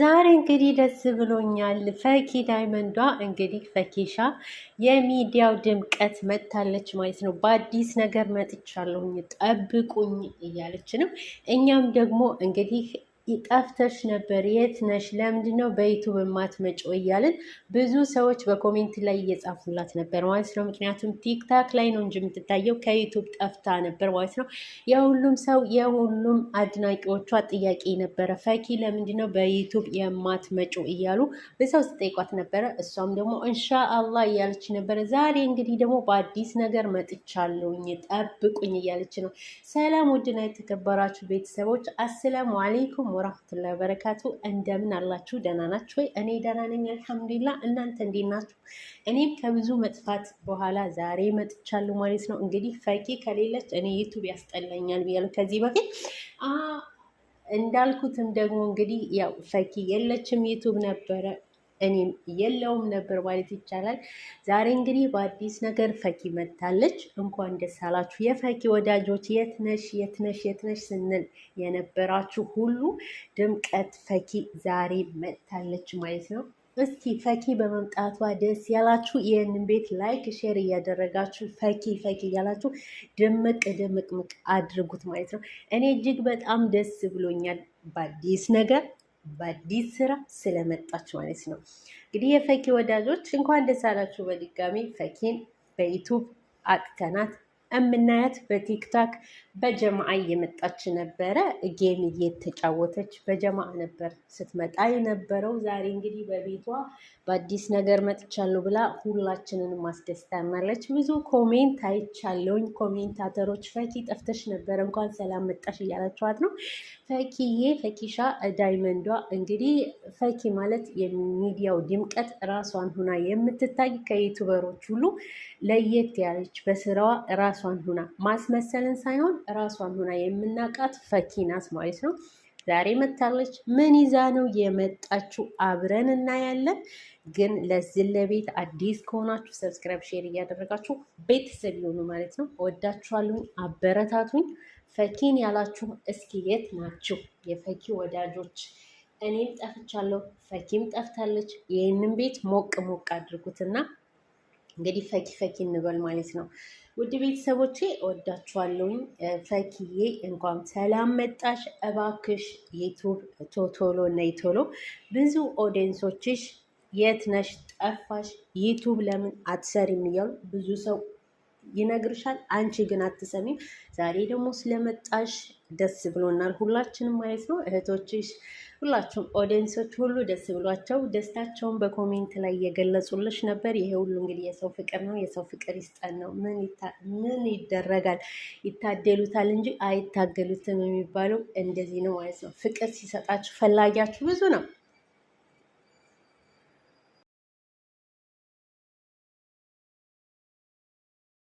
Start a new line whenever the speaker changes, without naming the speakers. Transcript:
ዛሬ እንግዲህ ደስ ብሎኛል። ፈኪ ዳይመንዷ እንግዲህ ፈኪሻ የሚዲያው ድምቀት መጥታለች ማለት ነው። በአዲስ ነገር መጥቻለሁኝ ጠብቁኝ እያለች ነው። እኛም ደግሞ እንግዲህ ጠፍተሽ ነበር፣ የት ነሽ? ለምንድን ነው በዩቱብ የማትመጪው? እያልን ብዙ ሰዎች በኮሜንት ላይ እየጻፉላት ነበር ማለት ነው። ምክንያቱም ቲክታክ ላይ ነው እንጂ የምትታየው ከዩቱብ ጠፍታ ነበር ማለት ነው። የሁሉም ሰው የሁሉም አድናቂዎቿ ጥያቄ ነበረ፣ ፈኪ ለምንድን ነው በዩቱብ የማትመጪው? እያሉ በሰው ስጠይቋት ነበረ። እሷም ደግሞ እንሻአላህ እያለች ነበረ። ዛሬ እንግዲህ ደግሞ በአዲስ ነገር መጥቻለሁኝ፣ ጠብቁኝ እያለች ነው። ሰላም ውድና የተከበራችሁ ቤተሰቦች፣ አሰላሙ አሌይኩም ወራህመቱላሂ ወበረካቱ። እንደምን አላችሁ? ደህና ናችሁ ወይ? እኔ ደህና ነኝ አልሐምዱሊላህ። እናንተ እንዴት ናችሁ? እኔም ከብዙ መጥፋት በኋላ ዛሬ መጥቻለሁ ማለት ነው። እንግዲህ ፈኪ ከሌለች እኔ ዩቱብ ያስጠላኛል ብያለሁ ከዚህ በፊት እንዳልኩትም ደግሞ እንግዲህ ያው ፈኪ የለችም ዩቱብ ነበረ እኔም የለውም ነበር ማለት ይቻላል። ዛሬ እንግዲህ በአዲስ ነገር ፈኪ መታለች። እንኳን ደስ አላችሁ የፈኪ ወዳጆች፣ የትነሽ የትነሽ የትነሽ ስንል የነበራችሁ ሁሉ ድምቀት ፈኪ ዛሬ መታለች ማለት ነው። እስኪ ፈኪ በመምጣቷ ደስ ያላችሁ ይህንን ቤት ላይክ ሼር እያደረጋችሁ ፈኪ ፈኪ እያላችሁ ድምቅ ድምቅምቅ አድርጉት ማለት ነው። እኔ እጅግ በጣም ደስ ብሎኛል በአዲስ ነገር በአዲስ ስራ ስለመጣች ማለት ነው። እንግዲህ የፈኪ ወዳጆች እንኳን ደስ አላችሁ በድጋሚ ፈኪን በዩቱብ አጥተናት እምናያት በቲክታክ በጀማአ እየመጣች ነበረ። ጌም እየተጫወተች በጀማአ ነበር ስትመጣ የነበረው። ዛሬ እንግዲህ በቤቷ በአዲስ ነገር መጥቻለሁ ብላ ሁላችንን ማስደስታናለች። ብዙ ኮሜንት አይቻለውኝ። ኮሜንታተሮች ፈኪ ጠፍተሽ ነበረ እንኳን ሰላም መጣሽ እያላችኋት ነው። ፈኪዬ ፈኪሻ ዳይመንዷ እንግዲህ ፈኪ ማለት የሚዲያው ድምቀት ራሷን ሁና የምትታይ ከዩቱበሮች ሁሉ ለየት ያለች በስራዋ ራሷን ሁና ማስመሰልን ሳይሆን ራሷን ሁና የምናውቃት ፈኪ ናት ማለት ነው። ዛሬ መታለች። ምን ይዛ ነው የመጣችው? አብረን እናያለን። ግን ለዚህ ለቤት አዲስ ከሆናችሁ ሰብስክራይብ፣ ሼር እያደረጋችሁ ቤተሰብ ይሆኑ ማለት ነው። ወዳችኋለሁ፣ አበረታቱኝ። ፈኪን ያላችሁ እስኪ የት ናችሁ የፈኪ ወዳጆች? እኔም ጠፍቻለሁ፣ ፈኪም ጠፍታለች። ይህንን ቤት ሞቅ ሞቅ አድርጉትና እንግዲህ ፈኪ ፈኪ እንበል ማለት ነው። ውድ ቤተሰቦቼ ወዳችኋለሁኝ። ፈኪዬ እንኳን ሰላም መጣሽ። እባክሽ ዩቱብ ቶቶሎ ነይ ቶሎ። ብዙ ኦዲየንሶችሽ የት ነሽ ጠፋሽ፣ ዩቱብ ለምን አትሰሪም እያሉ ብዙ ሰው ይነግርሻል። አንቺ ግን አትሰሚም። ዛሬ ደግሞ ስለመጣሽ ደስ ብሎናል ሁላችንም ማለት ነው። እህቶችሽ ሁላችሁም ኦዲየንሶች ሁሉ ደስ ብሏቸው ደስታቸውን በኮሜንት ላይ እየገለጹልሽ ነበር። ይሄ ሁሉ እንግዲህ የሰው ፍቅር ነው። የሰው ፍቅር ይስጠን ነው። ምን ይደረጋል? ይታደሉታል እንጂ አይታገሉትም የሚባለው እንደዚህ ነው ማለት ነው። ፍቅር ሲሰጣችሁ ፈላጊያችሁ ብዙ ነው።